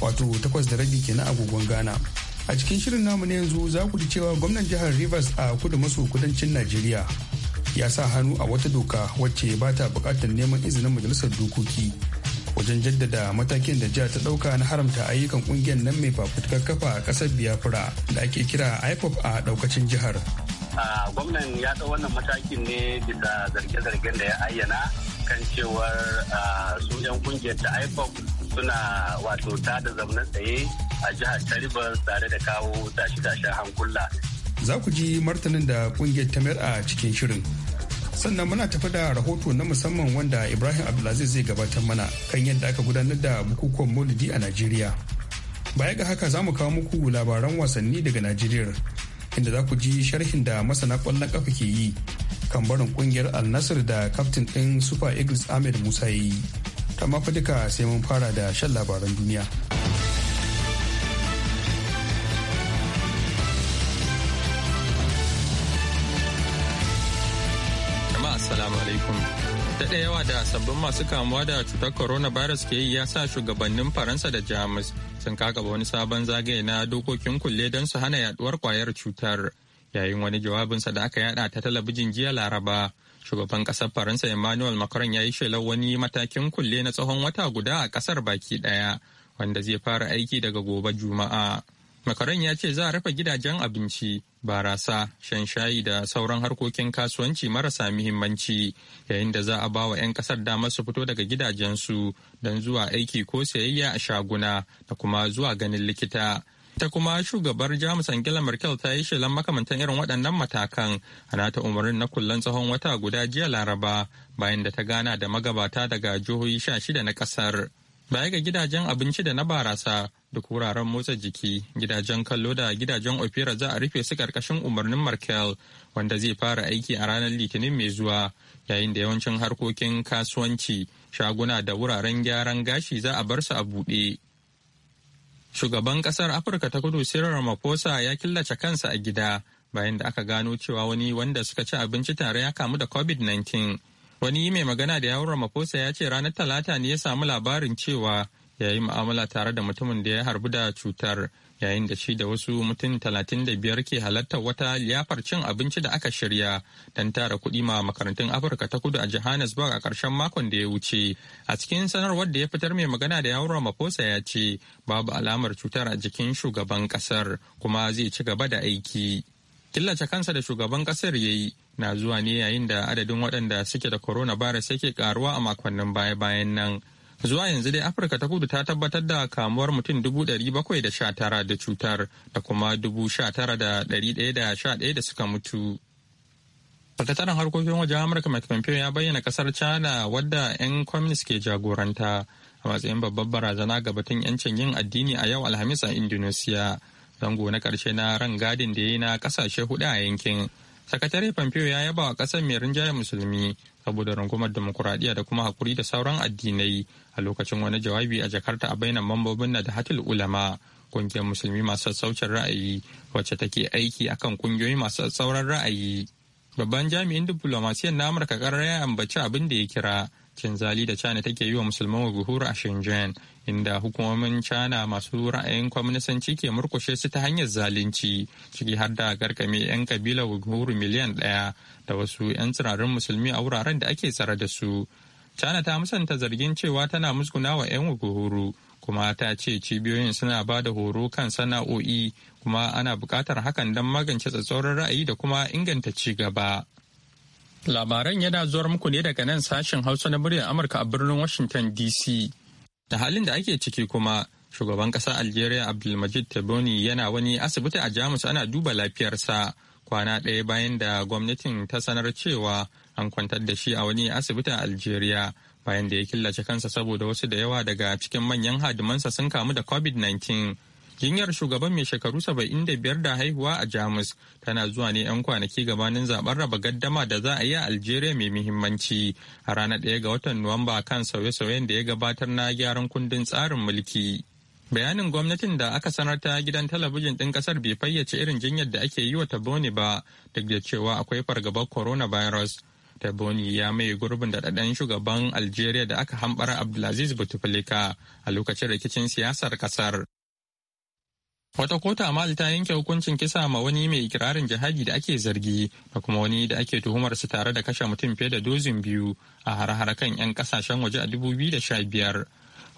wato takwas da rabi kenan agogon ghana a cikin shirin namu na yanzu za ku ji cewa gwamnan jihar rivers a kudu maso kudancin najeriya ya sa hannu a wata doka wacce ba ta bukatar neman izinin majalisar dokoki wajen jaddada matakin da jihar ta dauka na haramta ayyukan kungiyar nan mai fafutukar kafa a kasar biafra da ake kira ipop a daukacin jihar gwamnan ya ɗau wannan matakin ne bisa zarge-zargen da ya ayyana kan cewar su 'yan kungiyar ta ipop suna wato ta da zamanin tsaye a jihar Taribar tare da kawo tashi-tashen hankula. Za ku ji martanin da kungiyar Tamir a cikin shirin. Sannan muna tafi da rahoto na musamman wanda Ibrahim Abdulaziz zai gabatar mana kan yadda aka gudanar da bukukuwan Maulidi a Najeriya. Baya ga haka za mu kawo muku labaran wasanni daga Najeriya inda za ku ji sharhin da masana kwallon kafa ke yi kan barin kungiyar al nasr da kaftin ɗin Super Eagles Ahmed Musa ya yi. amma fa duka sai mun fara da shan labaran duniya. Jama'a alaikum. Daɗa yawa da sabbin masu kamuwa da cutar corona coronavirus ke yi ya sa shugabannin Faransa da Jamus sun kaga wani sabon zagaye na dokokin kulle don su hana yaduwar kwayar cutar. Yayin wani jawabinsa da aka yada ta talabijin jiya Laraba, shugaban kasar faransa emmanuel macron ya yi shelar wani matakin kulle na tsawon wata guda a kasar baki daya wanda zai fara aiki daga gobe juma'a macron ya ce za a rufe gidajen abinci barasa shan shayi da sauran harkokin kasuwanci marasa muhimmanci yayin da za a ba wa 'yan kasar damar su fito daga gidajensu don zuwa aiki ko sayayya a shaguna da kuma zuwa ganin likita ita kuma shugabar jamus angela merkel ta yi shelan makamantan irin waɗannan matakan a nata umarnin na kullen tsawon wata guda jiya laraba bayan da ta gana da magabata daga jihohi sha shida na ƙasar baya ga gidajen abinci da na barasa duk wuraren motsa jiki gidajen kallo da gidajen opera za a rufe su ƙarƙashin umarnin merkel wanda zai fara aiki a ranar litinin mai zuwa yayin da yawancin harkokin kasuwanci shaguna da wuraren gyaran gashi za a bar su a buɗe Shugaban kasar Afirka ta kudu Cyril Ramaphosa ya killace kansa a gida bayan da aka gano cewa wani wanda suka ci abinci tare ya kamu da COVID-19. Wani mai magana da yawon Ramaphosa ya ce ranar Talata ne ya samu labarin cewa ya yi mu'amala tare da mutumin da ya harbu da cutar. yayin da shi da wasu mutum talatin da biyar ke halartar wata liyafar cin abinci da aka shirya don tara kuɗi ma makarantun afirka ta kudu a johannesburg a ƙarshen makon da ya wuce a cikin sanarwar da ya fitar mai magana da yawon ramaphosa ya ce babu alamar cutar a jikin shugaban ƙasar kuma zai ci gaba da aiki killace kansa da shugaban ƙasar ya yi na zuwa ne yayin da adadin waɗanda suke da coronavirus yake karuwa a makonnin baya-bayan nan Zuwa yanzu dai Afirka ta kudu ta tabbatar da kamuwar mutum dubu ɗari bakwai da sha tara da cutar da kuma dubu sha tara da ɗari ɗaya da sha ɗaya da suka mutu. Sakataren harkokin wajen Amurka Mike Pompeo ya bayyana kasar China wadda 'yan communist ke jagoranta a matsayin babbar barazana ga batun 'yancin yin addini a yau Alhamis a Indonesia. Zango na ƙarshe na rangadin da ya yi na ƙasashe hudu a yankin sakatare pompeo ya yaba wa kasar mai rinjaye musulmi saboda rungumar demokuraɗiyya da kuma hakuri da sauran addinai a lokacin wani jawabi a jakarta a bainar mambobin na da hatil ulama kungiyar musulmi masu sassaucin ra'ayi wacce take aiki akan kungiyoyi masu sassauran ra'ayi babban jami'in diplomasiyyar na amurka karar ya ambaci abin da ya kira cin zali da China take yi wa musulman Uyghur a Shenzhen, inda hukumomin China masu ra'ayin kwamnisanci ke murkushe su ta hanyar zalunci, ciki har da garkame 'yan kabilar Uyghur miliyan ɗaya da wasu 'yan tsirarin musulmi a wuraren da ake tsare da su. China ta musanta zargin cewa tana musguna wa 'yan Uyghuru, kuma ta ce cibiyoyin suna ba da horo kan sana'o'i kuma ana buƙatar hakan don magance tsatsauran ra'ayi da kuma inganta ci gaba. Labaran yana zuwar muku ne daga nan sashen Hausa na muryar Amurka a birnin Washington DC. Da halin da ake ciki kuma, shugaban ƙasa Algeria Abdulmajid Tebboune yana wani asibiti a Jamus ana duba lafiyarsa kwana ɗaya bayan da gwamnatin ta sanar cewa an kwantar da shi a wani asibiti a Algeria bayan da ya killace kansa saboda wasu da yawa daga cikin manyan hadimansa sun kamu da COVID-19. jinyar shugaban mai shekaru 75 da haihuwa a jamus tana zuwa ne 'yan kwanaki gabanin zaben raba gaddama da za a yi a algeria mai muhimmanci a ranar 1 ga watan nuwamba kan sauye-sauyen da ya gabatar na gyaran kundin tsarin mulki bayanin gwamnatin da aka sanar ta gidan talabijin ɗin ƙasar bai fayyace irin jinyar da ake yi wa taboni ba duk da cewa akwai fargabar coronavirus taboni ya mai gurbin da ɗaɗɗan shugaban algeria da aka hambara abdulaziz bouteflika a lokacin rikicin siyasar ƙasar Wata kota a Mali ta yanke hukuncin kisa ma wani mai ikirarin jihadi da ake zargi da kuma wani da ake tuhumar su tare da kashe mutum fiye da dozin biyu a har-har kan 'yan kasashen waje a 2015.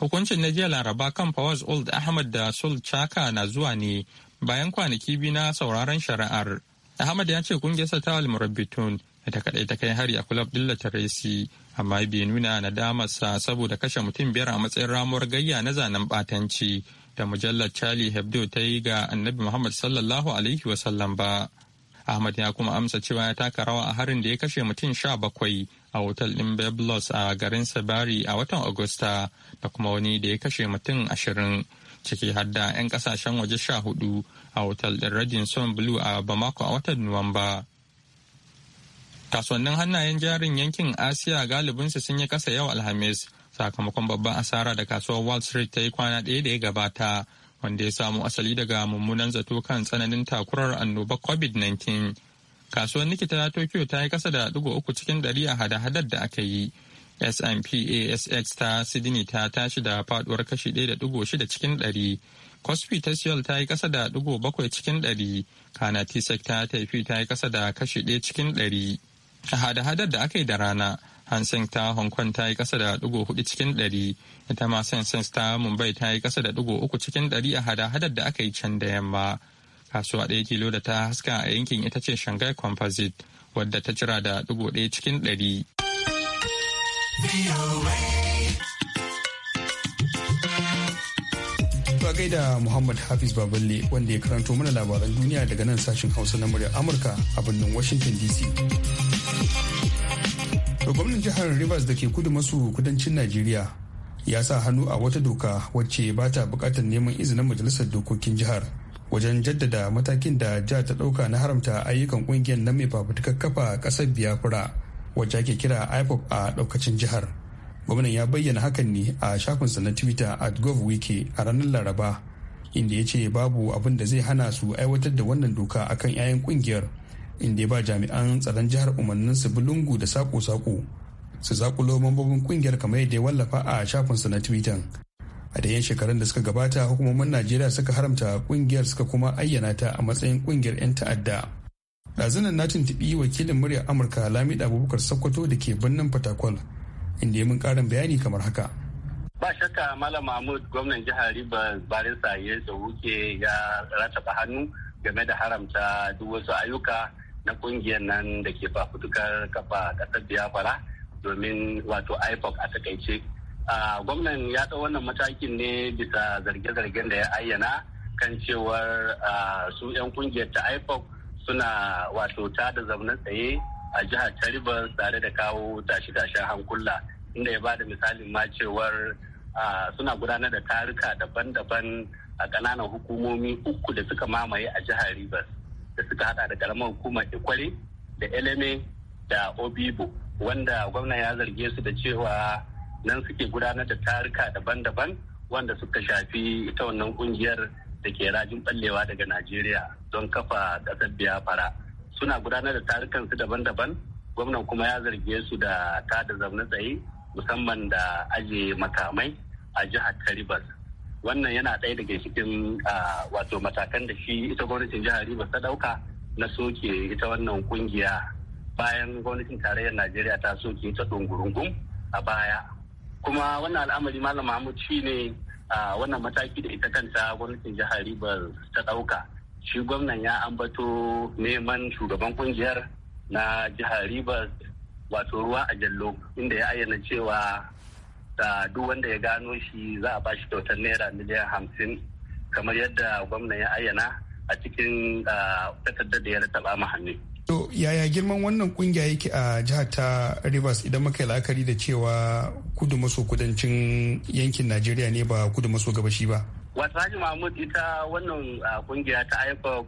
Hukuncin na jiya Laraba kan Fawaz Old Ahmad da Sul Chaka na zuwa ne bayan kwanaki biyu na sauraron shari'ar. Ahmad ya ce kungiyarsa ta al da ta kaɗai ta kai hari a kulab Dilla Taresi amma bai nuna nadamarsa saboda kashe mutum biyar a matsayin ramuwar gayya na zanen batanci. da mujallar Charlie Hebdo ta yi ga Annabi Muhammad sallallahu alaihi wasallam ba. Ahmad ya kuma amsa cewa ya taka rawa a harin da ya kashe mutum sha bakwai a otal ɗin Beblos a garin Sabari a watan Agusta da kuma wani da ya kashe mutum ashirin ciki har da 'yan kasashen waje sha hudu a otal ɗin son Blue a Bamako a watan Nuwamba. Kasuwannin hannayen jarin yankin Asiya galibinsu sun yi kasa yau Alhamis sakamakon babban asara da kasuwar wall street ta yi kwana ɗaya da ya gabata wanda ya samu asali daga mummunan zato kan tsananin takurar annobar covid-19 kasuwar nikita tokyo ta yi kasa da ɗigo uku cikin ɗari a hada-hadar da aka yi S&P ta Sydney ta tashi da faduwar kashi 1.6 cikin 100. Cosby ta Seoul ta yi kasa da digo bakwai cikin ɗari, kana T-Sec ta taifi ta yi kasa da kashi ɗaya cikin ɗari. A hada-hadar da aka yi da rana, Hansen ta Hong Kong ta yi kasa da ɗigo hudu cikin ɗari, ita ma Sensex ta Mumbai ta yi kasa da ɗigo uku cikin ɗari a hada-hadar da aka yi can da yamma. Kasuwa ɗaya kilo da ta haska a yankin ita ce Shanghai Composite, wadda ta jira da ɗigo ɗaya cikin ɗari. Ba da Muhammad Hafiz Baballe wanda ya karanto mana labaran duniya daga nan sashen Hausa na murya Amurka a birnin Washington DC. to gwamnan jihar rivers da ke kudu masu kudancin najeriya ya sa hannu a wata doka wacce ba ta bukatar neman izinin majalisar dokokin jihar wajen jaddada matakin da jihar ta dauka na haramta ayyukan kungiyar na mai fafutukar kafa kasar biafra wacce ake kira ipop a daukacin jihar gwamnan ya bayyana hakan ne a shafinsa na twitter at govwiki a ranar laraba inda ya ce babu abin da zai hana su aiwatar da wannan doka akan 'ya'yan kungiyar inda ya ba jami'an tsaron jihar umarnin su bi da sako-sako su zakulo mambobin kungiyar kamar yadda ya wallafa a shafinsa na twitter a da yan shekarun da suka gabata hukumomin najeriya suka haramta kungiyar suka kuma ayyana ta a matsayin kungiyar 'yan ta'adda ɗazunan na tuntubi wakilin muryar amurka lamida abubakar sokoto da ke birnin fatakwal inda ya mun karin bayani kamar haka ba shakka malam mahmud gwamnan jihar rivers barista ya da wuke ya rataba hannu game da haramta duk wasu ayyuka na kungiyar nan da ke fafutukar kafa kasar biyafara domin wato ipoc a takaice gwamnan ya ɗau wannan matakin ne bisa zarge-zargen da ya ayyana kan cewar su 'yan kungiyar ta ipoc suna wato ta da zaune tsaye a jihar Taribar, tare da kawo tashi-tashen hankula inda ya ba da misalin ma cewar suna gudanar da taruka daban-daban a ƙananan hukumomi uku da suka mamaye a jihar rivers da suka hada da karamar hukumar ikwari da eleme da obibo wanda gwamna ya zarge su da cewa nan suke gudanar da tarika daban-daban wanda suka shafi ita wannan kungiyar da ke rajin ballewa daga najeriya don kafa kasar biafra suna gudanar da su daban-daban gwamnan kuma ya zarge su da tada zaune tsaye musamman da ajiye makamai a jihar taribas wannan yana ɗaya daga cikin wato matakan da shi ita gwamnatin jihar Rivers ta ɗauka na soke ita wannan kungiya bayan gwamnatin tarayyar Najeriya ta soke ta ɗungurungun a baya. Kuma wannan al'amari Malam Mahmud shi ne wannan mataki da ita kanta gwamnatin jihar Rivers ta ɗauka. Shi gwamnan ya ambato neman shugaban kungiyar na jihar Rivers wato ruwa a jallo inda ya ayyana cewa da duk wanda ya gano shi za a ba shi kyautar naira miliyan hamsin kamar yadda gwamna ya ayyana a cikin takardar da ya rataba mu hannu. To yaya girman wannan kungiya yake a jihar ta Rivers idan muka yi la'akari da cewa kudu maso kudancin yankin Najeriya ne ba kudu maso gabashi ba? Wasu Haji Mahmud ita wannan kungiya ta IFOC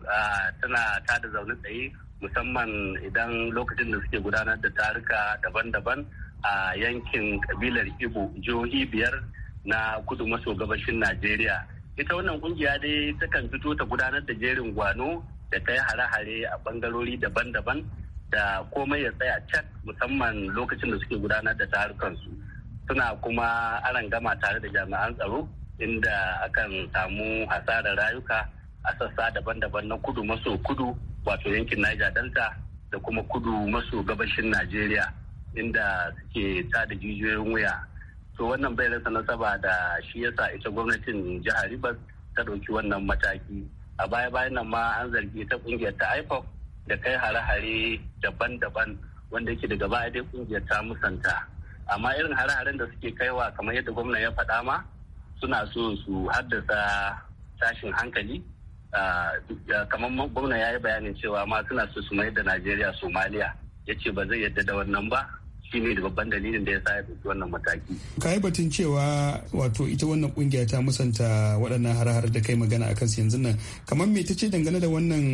tana tada zaune tsaye musamman idan lokacin da suke gudanar da taruka daban-daban a yankin kabilar Ibo jihohi biyar na kudu maso gabashin Najeriya. Ita wannan kungiya dai takan fito ta gudanar da jerin gwano da ta yi hare-hare a bangarori daban-daban da komai ya tsaya cak musamman lokacin da suke gudanar da tarukansu. Suna kuma gama tare da jami'an tsaro inda akan samu hasarar rayuka a sassa daban-daban na kudu maso kudu wato yankin Niger Delta da kuma kudu maso gabashin Najeriya. inda suke tada jijiyoyin wuya to wannan bai rasa nasaba da shi yasa ita gwamnatin jihar Rivers ta ɗauki wannan mataki a baya bayan nan ma an zargi ta kungiyar ta IPOC da kai hare-hare daban-daban wanda yake daga baya dai kungiyar ta musanta amma irin hare-haren da suke kaiwa kamar yadda gwamna ya faɗa ma suna so su haddasa tashin hankali kamar gwamna ya yi bayanin cewa ma suna so su mayar da najeriya somaliya ya ce ba zai yadda da wannan ba shi ne da babban dalilin da ya sa ya ɗauki wannan mataki. ka yi batun cewa wato ita wannan kungiya ta musanta waɗannan har-har da kai magana a kansu yanzu nan kamar me ta ce dangane da wannan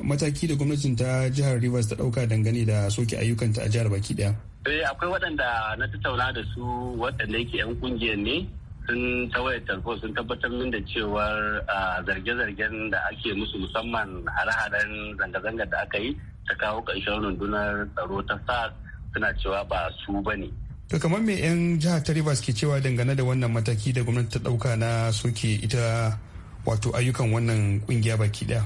mataki da gwamnatin ta jihar rivers ta ɗauka dangane da soke ayyukanta a jihar baki ɗaya. eh akwai waɗanda na tattauna da su waɗanda ke 'yan kungiyar ne sun tawaye tarko sun tabbatar min da cewar zarge-zargen da ake musu musamman hare-haren zanga-zangar da aka yi ta kawo ƙarshen rundunar tsaro ta sars. suna cewa ba su ba ne. To kamar me 'yan jihar ta Rivers ke cewa dangane da wannan mataki da gwamnati ta dauka na soke ita wato ayyukan wannan kungiya baki ɗaya.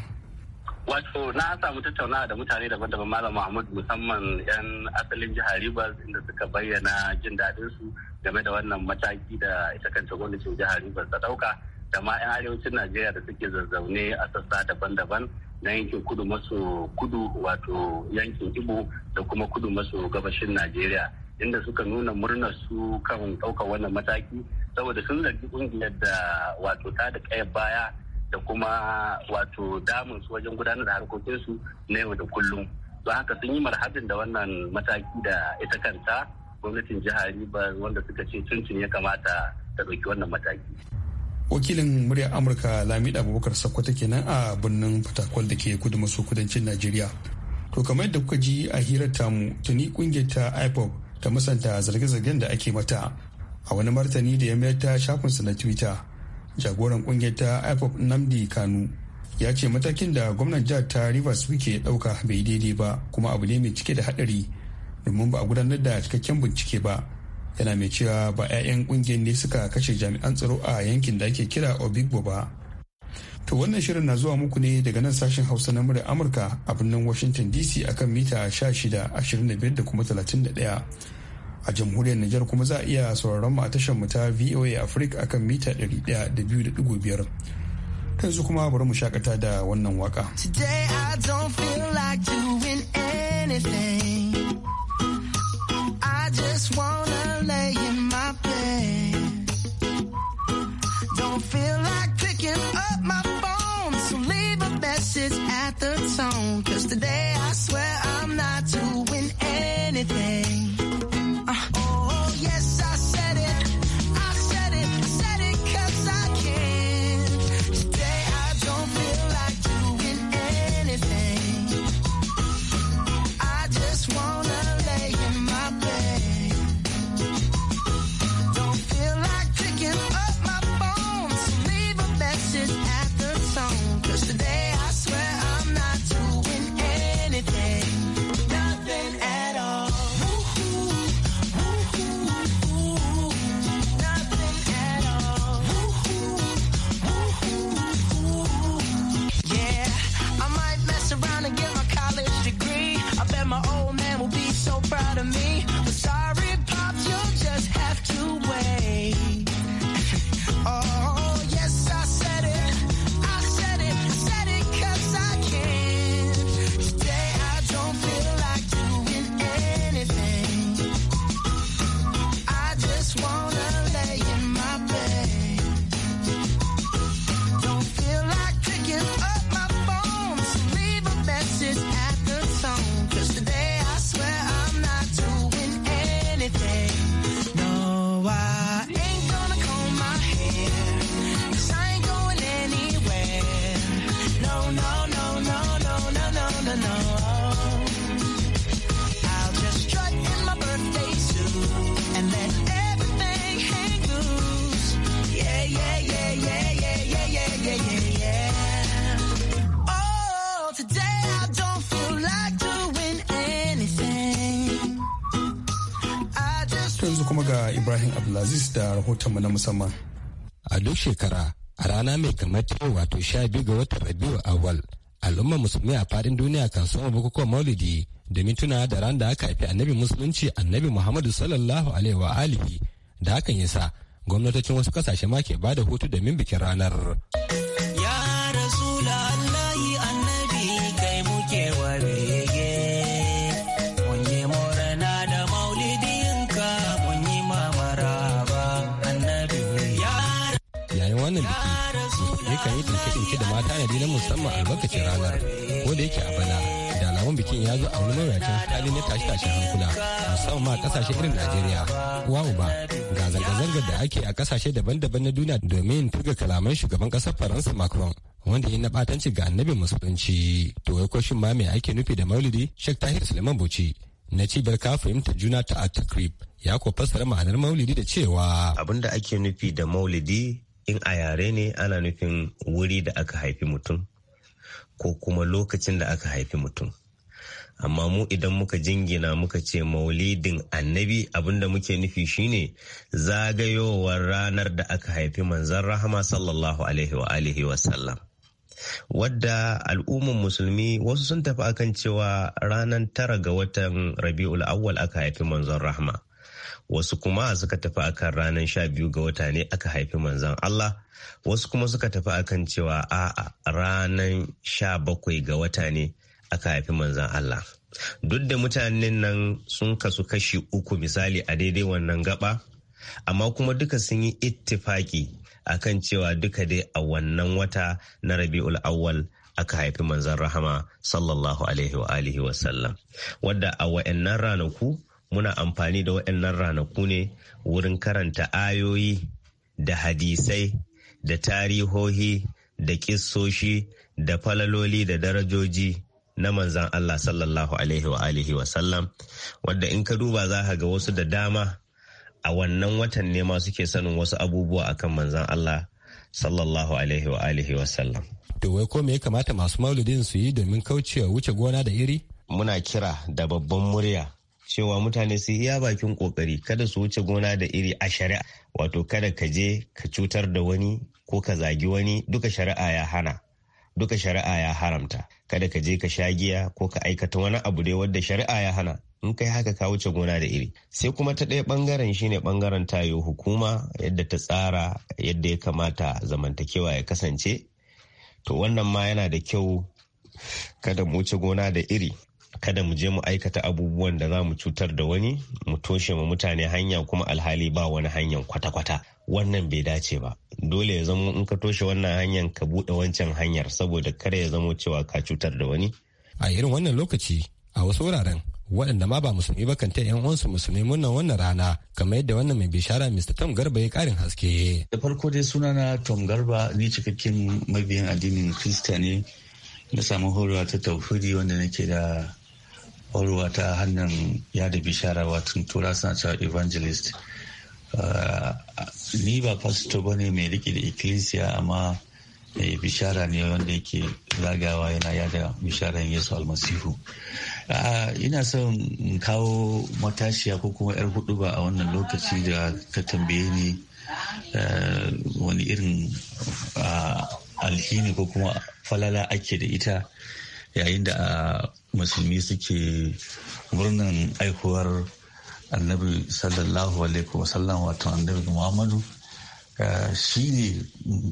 Wato na samu tattaunawa da mutane daban-daban Malam Muhammad musamman 'yan asalin jihar Rivers inda suka bayyana jin daɗin su game da wannan mataki da ita kanta gwamnatin jihar Rivers ta ɗauka da ma 'yan arewacin Najeriya da suke zazzaune a sassa daban-daban na yankin kudu maso kudu wato yankin ibo da kuma kudu maso gabashin najeriya inda suka nuna murnar su kan ɗaukar wannan mataki saboda sun zargi kungiyar da wato ta da ƙayar baya da kuma wato damun su wajen gudanar da harkokinsu na yau da kullum don haka sun yi marhabin da wannan mataki da ita kanta gwamnatin jihar ribar wanda suka ce tuntun ya kamata ta ɗauki wannan mataki wakilin muryar amurka lamida abubakar sakkwato kenan a birnin fatakwal da ke kudu maso kudancin najeriya to kamar yadda kuka ji a hirar tamu tuni kungiyar ta ipob ta musanta zarge-zargen da ake mata a wani martani da ya mayar ta shafinsa na twitter jagoran kungiyar ta ipob namdi kanu ya ce matakin da gwamnan jihar ta rivers wike dauka bai daidai ba kuma abu ne mai cike da hadari domin ba a gudanar da cikakken bincike ba yana mai cewa ba 'ya'yan kungiyar ne suka kashe jami'an tsaro a yankin da ake kira obigbo ba to wannan shirin na zuwa muku ne daga nan sashen hausa na murya amurka a birnin washington dc akan mita 16 da kuma 31 a jamhuriyar Nijar kuma za a iya sauraron mu a tashar mu ta VOA Africa akan mita 102.5 yanzu kuma bari mu shakata da wannan waka. Today I don't feel like doing anything. today Ibrahim Abdulaziz da rahotonmu na musamman. A duk shekara a rana mai kamar ta wato sha biyu ga watan Rabiu awal al'ummar musulmi a faɗin duniya kan soma bukukuwan maulidi da tuna da ran da aka haifi annabi musulunci annabi Muhammadu sallallahu alaihi wa alihi da hakan yasa gwamnatocin wasu kasashe ma ke bada hutu min bikin ranar. Ya Rasulallah wannan biki yakan yi ɗinke-ɗinke da mata na na musamman albarkacin ranar ko da yake a bana da alamun bikin ya zo a wani mawuyacin hali na tashe tashi hankula musamman ma kasashe irin najeriya uwa uba ga zanga-zangar da ake a kasashe daban-daban na duniya domin tuga kalaman shugaban kasar faransa macron wanda ya na batanci ga annabi musulunci to ya kwashin ma mai ake nufi da maulidi shek tahir suleiman bauchi na cibiyar ka fahimta juna ta at ya ko fassara ma'anar maulidi da cewa abin da ake nufi da maulidi in a yare ne ana nufin wuri da aka haifi mutum ko kuma lokacin da aka haifi mutum amma mu idan muka jingina muka ce maulidin annabi abinda muke nufi shine zagayowar ranar da aka haifi manzon rahama sallallahu alaihi wa alihi wasallam wadda al'umman musulmi wasu sun tafi akan cewa ranar tara ga watan rabi'ul awwal aka haifi manzon rahama wasu kuma suka tafi akan ranar sha biyu ga wata ne aka haifi manzan Allah wasu kuma suka tafi akan cewa a ranar sha bakwai ga wata ne aka haifi manzan Allah duk da mutanen nan sun kasu kashi uku misali a daidai wannan gaba amma kuma duka sun yi ittifaki akan cewa duka dai a wannan wata na rabi'ul awwal aka haifi manzan rahama sallallahu alaihi wa alihi sallam wadda a wa'annan ranaku muna amfani da waɗannan ranaku ne wurin karanta ayoyi da hadisai da tarihohi da kissoshi da falaloli da darajoji na manzan Allah sallallahu alaihi wa alihi wa sallam wadda in ka duba za ka ga wasu da dama a wannan watan ne ma suke sanin wasu abubuwa akan manzan Allah sallallahu alaihi wa alihi wa sallam to wai ko me ya kamata masu maulidin su yi domin kaucewa wuce gona da iri muna kira da babban murya cewa mutane su iya bakin kokari kada su wuce gona da iri a shari'a wato kada ka je ka cutar da wani ko ka zagi wani duka shari'a ya hana duka shari'a ya haramta kada ka je ka sha giya ko ka aikata wani abu dai wadda shari'a ya hana in kai haka ka wuce gona da iri sai kuma ta ɗaya ɓangaren shine ɓangaren tayo hukuma yadda ta tsara yadda ya kamata zamantakewa ya kasance to wannan ma yana da kyau kada mu wuce gona da iri kada mu je mu aikata abubuwan da za mu cutar da wani mu toshe ma mutane hanya kuma alhali ba wani hanyan kwata-kwata wannan bai dace ba dole ya zama in ka toshe wannan hanyar ka bude wancan hanyar saboda kada ya zama cewa ka cutar da wani a irin wannan lokaci a wasu wuraren waɗanda ma ba musulmi ba kan ta yan musulmi murnan wannan rana kamar yadda wannan mai bishara Mr. Tom Garba ya karin haske. Da farko dai sunana Tom Garba ni cikakken mabiyan addinin Kirista ne na samu horowa ta tauhidi wanda nake da ƙwarewa ta ya yada bishara watan tura suna cewa evangelist uh, ni ba pastor ba ne mai riƙe da ecclesia amma mai bishara ne wanda yake zagawa yana yada bisharan yesu almasihu uh, ina son kawo matashiya ko kuma yar hudu ba a wannan lokaci da ka tambaye ni uh, wani irin alhini ko kuma falala ake da ita yayin da ah, musulmi suke murnan aikowar annabi sallallahu alaihi wasallam wato annabi muhammadu ah, shi ne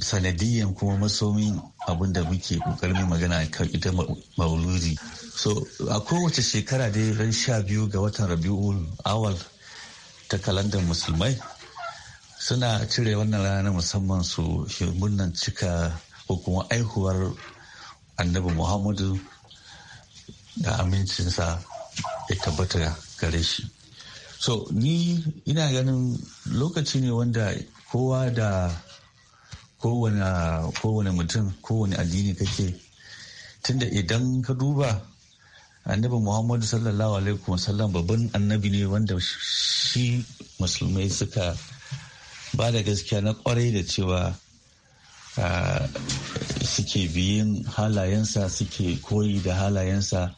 sanadiyan kuma masomi abin da muke kokarin magana kan ita mauludi so a kowace shekara dai ran sha biyu ga watan rabi'ul awal ta kalandar musulmai suna cire wannan rana musamman su murnan cika ko kuma aihuwar annabi muhammadu da amincinsa ya tabbata gare shi so ni ina ganin lokaci ne wanda kowa da kowane mutum kowane addini kake tunda idan ka duba annabi muhammadu sallallahu alaihi wasallam babban annabi ne wanda shi musulmai suka ba da gaskiya na kwarai da cewa ah, suke biyin halayensa suke koyi da halayensa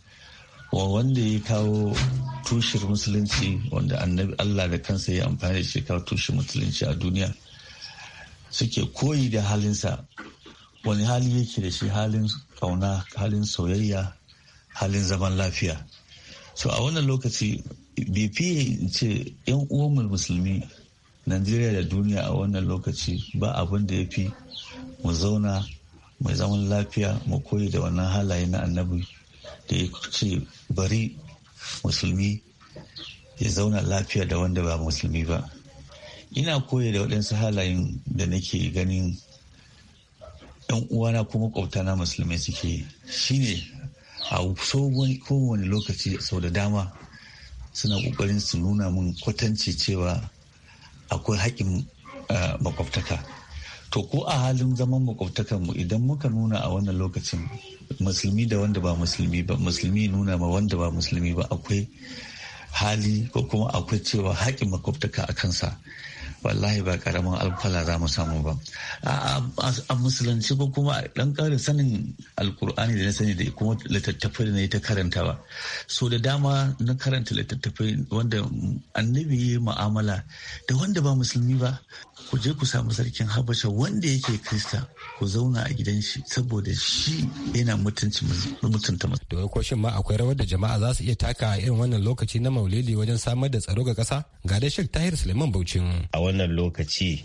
wa wanda ya kawo tushen musulunci wanda annabi Allah da kansa ya amfani da shi kawo tushen musulunci a duniya suke koyi da halinsa wani hali yake da shi halin kauna halin soyayya halin zaman lafiya so a wannan lokaci bai fiye ce yan uwan musulmi najeriya da duniya a wannan lokaci ba abin da ya fi mu zauna mai zaman lafiya mu koyi da wannan halaye na annabi da ya ce bari musulmi ya zauna lafiya da wanda ba musulmi ba ina koya da waɗansu halayen da nake ganin yan uwana ko makwabtana musulmai suke shine a kowane lokaci sau da dama suna ƙoƙarin su nuna min kwatance cewa akwai haƙƙin eh, makwabtaka to ko a halin zaman makwabtakanmu idan muka nuna a wannan lokacin musulmi da wanda ba musulmi ba musulmi nuna ma wanda ba musulmi ba akwai hali ko kuma akwai cewa haƙin makwabtaka a kansa wallahi ba karamin alfala za mu samu ba a musulunci ko kuma dan karin sanin alkur'ani da na sani da kuma littattafai da na yi ta karanta ba so da dama na karanta littattafai wanda annabi yi mu'amala da wanda ba musulmi ba ku je ku samu sarkin habasha wanda yake krista ku zauna a gidan shi saboda shi yana mutunci mutunta da ko shin ma akwai rawar da jama'a za su iya taka a irin wannan lokaci na maulidi wajen samar da tsaro ga kasa ga dai shek tahir suleiman baucin a wannan lokaci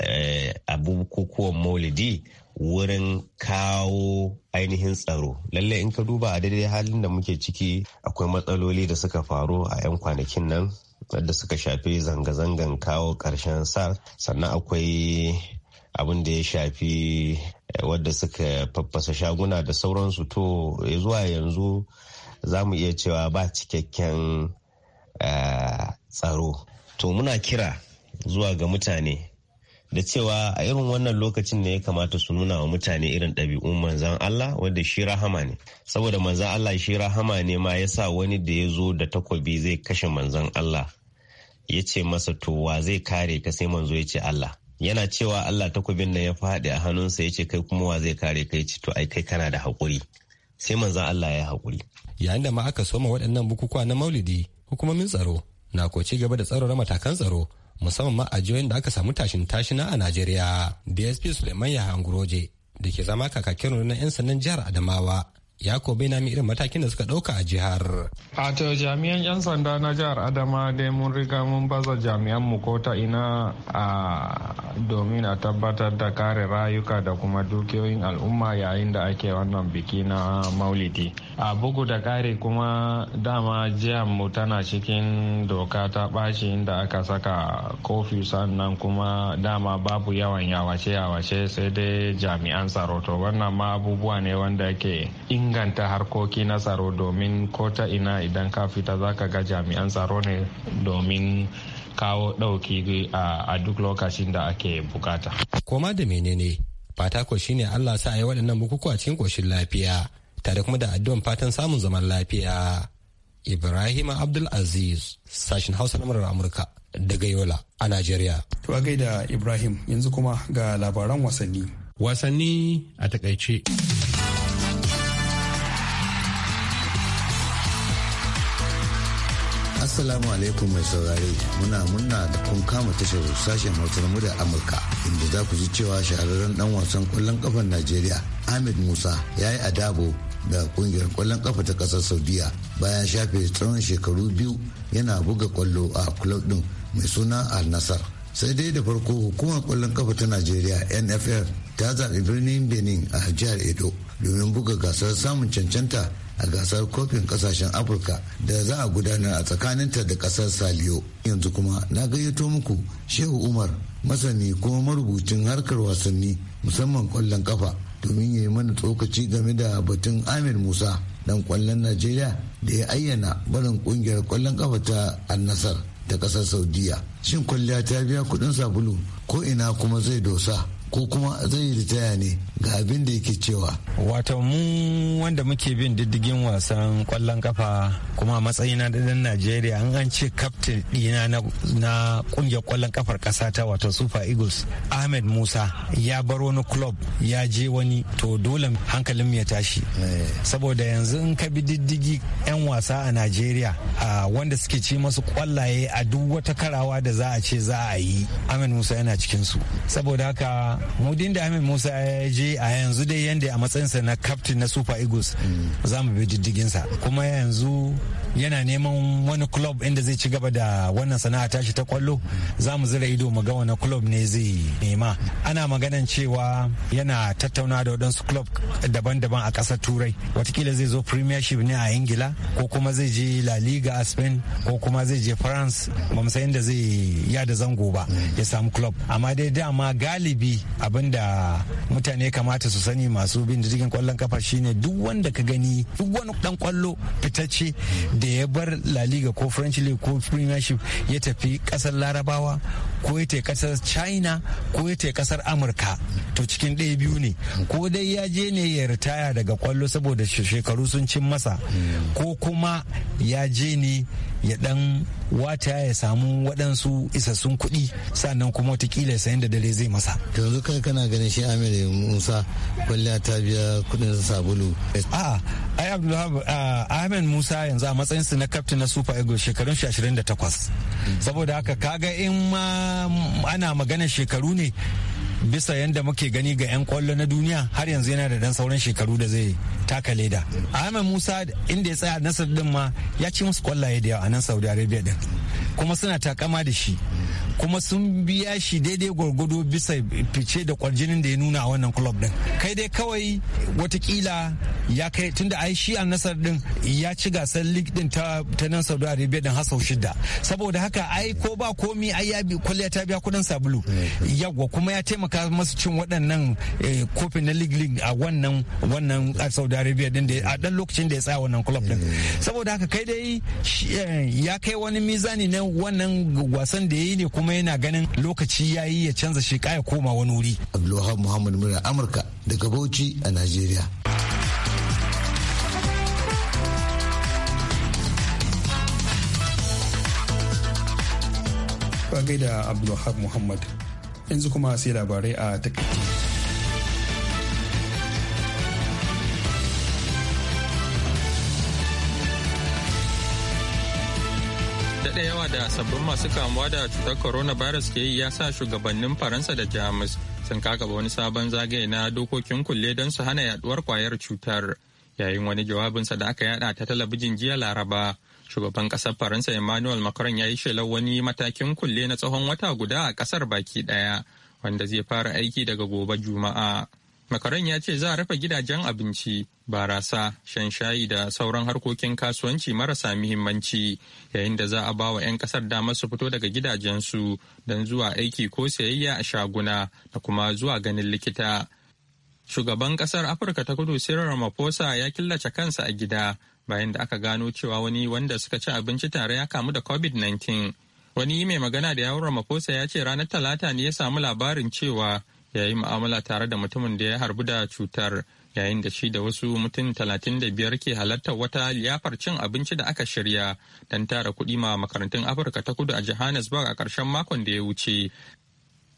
eh, a bukukuwan maulidi wurin kawo ainihin tsaro lalle in ka duba a daidai halin da muke ciki akwai matsaloli da suka faru a 'yan kwanakin nan wadda suka shafi zanga-zangan kawo karshen sar sannan akwai abin da ya shafi eh, wadda suka faffasa shaguna da sauransu to eh, zuwa yanzu za mu iya cewa ba cikakken tsaro to muna kira zuwa ga mutane da cewa a irin wannan lokacin ne ya kamata su nuna wa mutane irin ɗabi'un manzan Allah wanda shi rahama ne saboda manzan Allah shi rahama ne ma ya sa wani da ya zo da takobi zai kashe manzan Allah ya ce masa to wa zai kare ka sai manzo ya ce Allah yana cewa Allah takobin nan ya faɗi a hannunsa ya ce kai kuma wa zai kare ka ya ce to ai kai kana da haƙuri sai manzan Allah ya haƙuri yayin da ma aka soma waɗannan bukukuwa na maulidi hukumomin tsaro na ko ci gaba da na matakan tsaro musamman ma a jiyoyin da aka samu tashin tashina a Najeriya. DSP Suleiman Yahanguroje da ke zama kakakin rundunar 'yan sandan jihar Adamawa ya ko bai nami irin matakin da suka dauka a jihar. A to jami'an 'yan sanda na jihar Adama dai mun riga mun baza jami'an mu ko ta ina a domin a tabbatar da kare rayuka da kuma dukiyoyin al'umma yayin da ake wannan biki na maulidi. a bugu da ƙari kuma dama mu tana cikin doka ta ɓaci inda aka saka kofi sannan kuma dama babu yawan yawace yawace sai dai jami'an tsaro to wannan ma abubuwa ne wanda yake inganta harkoki na tsaro domin ko ta ina idan ka fita zaka ga jami'an tsaro ne domin kawo ɗauki a duk lokacin da ake bukata. koma da menene fata ko shine allah sa a yi waɗannan bukukuwa cikin ƙoshin lafiya tare kuma da addu'an fatan samun zaman lafiya ibrahim abdulaziz sashen hausa na murar amurka daga yola a najeriya to a gaida ibrahim yanzu kuma ga labaran wasanni wasanni a takaice Assalamu alaikum mai saurari muna muna da kun kama tashar sashen hausa mu da Amurka inda za ku ji cewa shahararren dan wasan kwallon kafan Najeriya Ahmed Musa ya yi adabo da kungiyar kwallon kafa ta kasar Saudiya bayan shafe tsawon shekaru biyu yana buga kwallo a club din mai suna Al Nassr. Sai dai da farko hukumar kwallon kafa ta Najeriya nfl ta zaɓi birnin Benin a jihar Edo domin buga gasar samun cancanta a gasar kofin kasashen afirka da za a gudanar a tsakaninta da kasar saliyo yanzu kuma na gayyato muku shehu umar masani kuma marubucin harkar wasanni musamman kwallon kafa domin ya yi mana tsokaci game da batun amir musa dan kwallon najeriya da ya ayyana barin kungiyar kwallon kafa ta annasar da kasar saudiya shin kwalliya ta biya kudin sabulu ko ina kuma zai dosa ko kuma zai ritaya ne ga abin da yake cewa wato mu wanda muke bin diddigin wasan kwallon kafa kuma matsayina na dan najeriya an an ce kaftin dina na kungiyar kwallon kafar kasa ta wato super eagles ahmed musa ya bar wani club ya je wani to dole hankalin mu ya tashi eh. saboda yanzu in ka bi diddigi yan wasa a najeriya wanda suke ci masu kwallaye a duk wata karawa da za a ce za a yi ahmed musa yana cikin su saboda haka mudin da ahmed musa ya je dai a yanzu dai yanda a matsayinsa na captain na super eagles mm. za mu bi diddiginsa kuma yanzu yana neman wani club inda zai ci gaba da wannan sana'a tashi ta kwallo za mu zira ido mu ga wani club ne zai nema ana maganan cewa yana tattauna da waɗansu club daban-daban a ƙasar turai watakila zai zo premiership ne a ingila ko kuma zai je la liga a spain ko kuma zai je france ba mu san inda zai da zango ba ya samu club amma dai dama galibi abinda mutane kamata su sani masu bin diddigin kwallon kafa shine duk wanda ka gani duk wani dan kwallo fitacce da ya bar La Liga ko French League ko Premiership ya tafi kasar Larabawa ko ya tafi kasar China ko ya tafi kasar Amurka to cikin ɗaya biyu ne ko dai ya je ne ya ritaya daga kwallo saboda shekaru sun cin masa ko kuma ya je ne ya dan wata ya samu waɗansu isassun kuɗi sannan kuma watakila ya sayan da dare zai masa. to yanzu kai kana ganin shi amir musa kwalliya ta biya kuɗin sabulu. a ai ahmed musa yanzu a matsayin su na kaftin na super eagles shekarun shi ashirin da takwas saboda haka kaga in ma ana magana shekaru ne bisa yadda muke gani ga 'yan kwallo na duniya har yanzu yana da dan sauran shekaru da zai taka leda ahmed musa inda ya tsaya nasar din ma ya ci musu kwallaye da yawa a nan saudi arabia din kuma suna takama da shi kuma sun biya shi daidai gwargwado bisa fice da kwarjinin da ya nuna a wannan club din kai dai kawai watakila ya kai tunda ai shi a nasar din ya ci gasar league din ta ta nan Saudi Arabia din hasau shida saboda haka ai ko ba komi ai ya bi kulle ta biya kudin sabulu yawa kuma ya taimaka masu cin waɗannan eh, kofin na league league a wannan wannan Saudi Arabia din da a dan lokacin da ya tsaya wannan club din saboda haka kai dai eh, ya kai wani mizani na wannan wasan da ya yi ne kuma kuma yana ganin lokaci ya yi ya canza shi ya koma wani wuri. Abdullahi Muhammad Mura Amurka daga Bauchi a Najeriya. Ba gaida Abdullahi Muhammad yanzu kuma sai labarai a takaice. da yawa da sabbin masu kamuwa da cutar corona coronavirus ke yi ya sa shugabannin Faransa da Jamus sun kakaba wani sabon zagaye na dokokin kulle don su hana yaduwar kwayar cutar. Yayin wani jawabinsa da aka yada ta talabijin jiya Laraba, shugaban kasar Faransa Emmanuel Macron ya yi shelar wani matakin kulle na tsawon wata guda a kasar baki daya, wanda zai fara aiki daga gobe Juma'a. makaran ya ce za a rufe gidajen abinci barasa shan shayi da sauran harkokin kasuwanci marasa muhimmanci yayin da za a ba wa 'yan kasar damar su fito daga gidajensu don zuwa aiki ko sayayya a shaguna da kuma zuwa ganin likita shugaban kasar afirka ta kudu cyril ramaphosa ya killace kansa a gida bayan da aka gano cewa wani wanda suka ci abinci tare ya kamu da covid-19 wani mai magana da yawon ramaphosa ya ce ranar talata ne ya samu labarin cewa ya yi mu'amala tare da mutumin da ya harbu da cutar yayin da shi da wasu mutum talatin da biyar ke halartar wata liyafar cin abinci da aka shirya don tara kuɗi ma makarantun afirka ta kudu a johannesburg a ƙarshen makon da ya wuce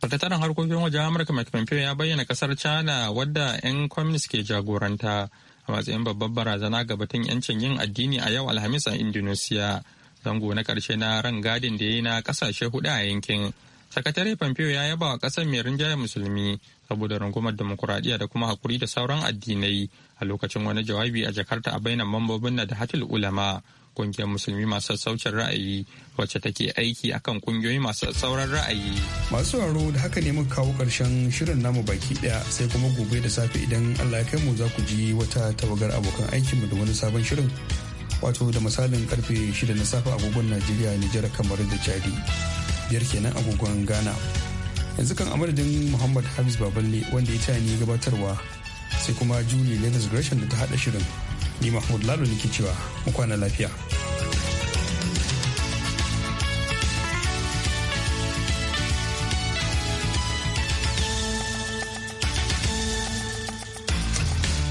sakataren harkokin wajen amurka mai ya bayyana kasar china wadda 'yan communist ke jagoranta a matsayin babbar barazana ga batun 'yancin yin addini a yau alhamis a indonesia zango na karshe na rangadin da ya yi na kasashe hudu a yankin sakatare pompeo ya yaba wa kasar mai rinjaye musulmi saboda rungumar demokuraɗiyya da kuma hakuri da sauran addinai a lokacin wani jawabi a jakarta a bainar mambobin na da hatil ulama kungiyar musulmi masu sassaucin ra'ayi wacce take aiki akan kungiyoyi masu sauran ra'ayi. Masu sauraro da haka ne muka kawo karshen shirin namu baki daya sai kuma gobe da safe idan Allah ya kai mu za ku ji wata tawagar abokan aikinmu da wani sabon shirin wato da misalin karfe 6 na safe agogon Najeriya Nijar kamar da Chadi. biyar kenan agogon ghana yanzu kan amadadin muhammad hamis baballe wanda ya taya ni gabatarwa sai kuma juli leathers gresham da ta hada shirin ni mahmud lalo ne ke cewa mu kwana lafiya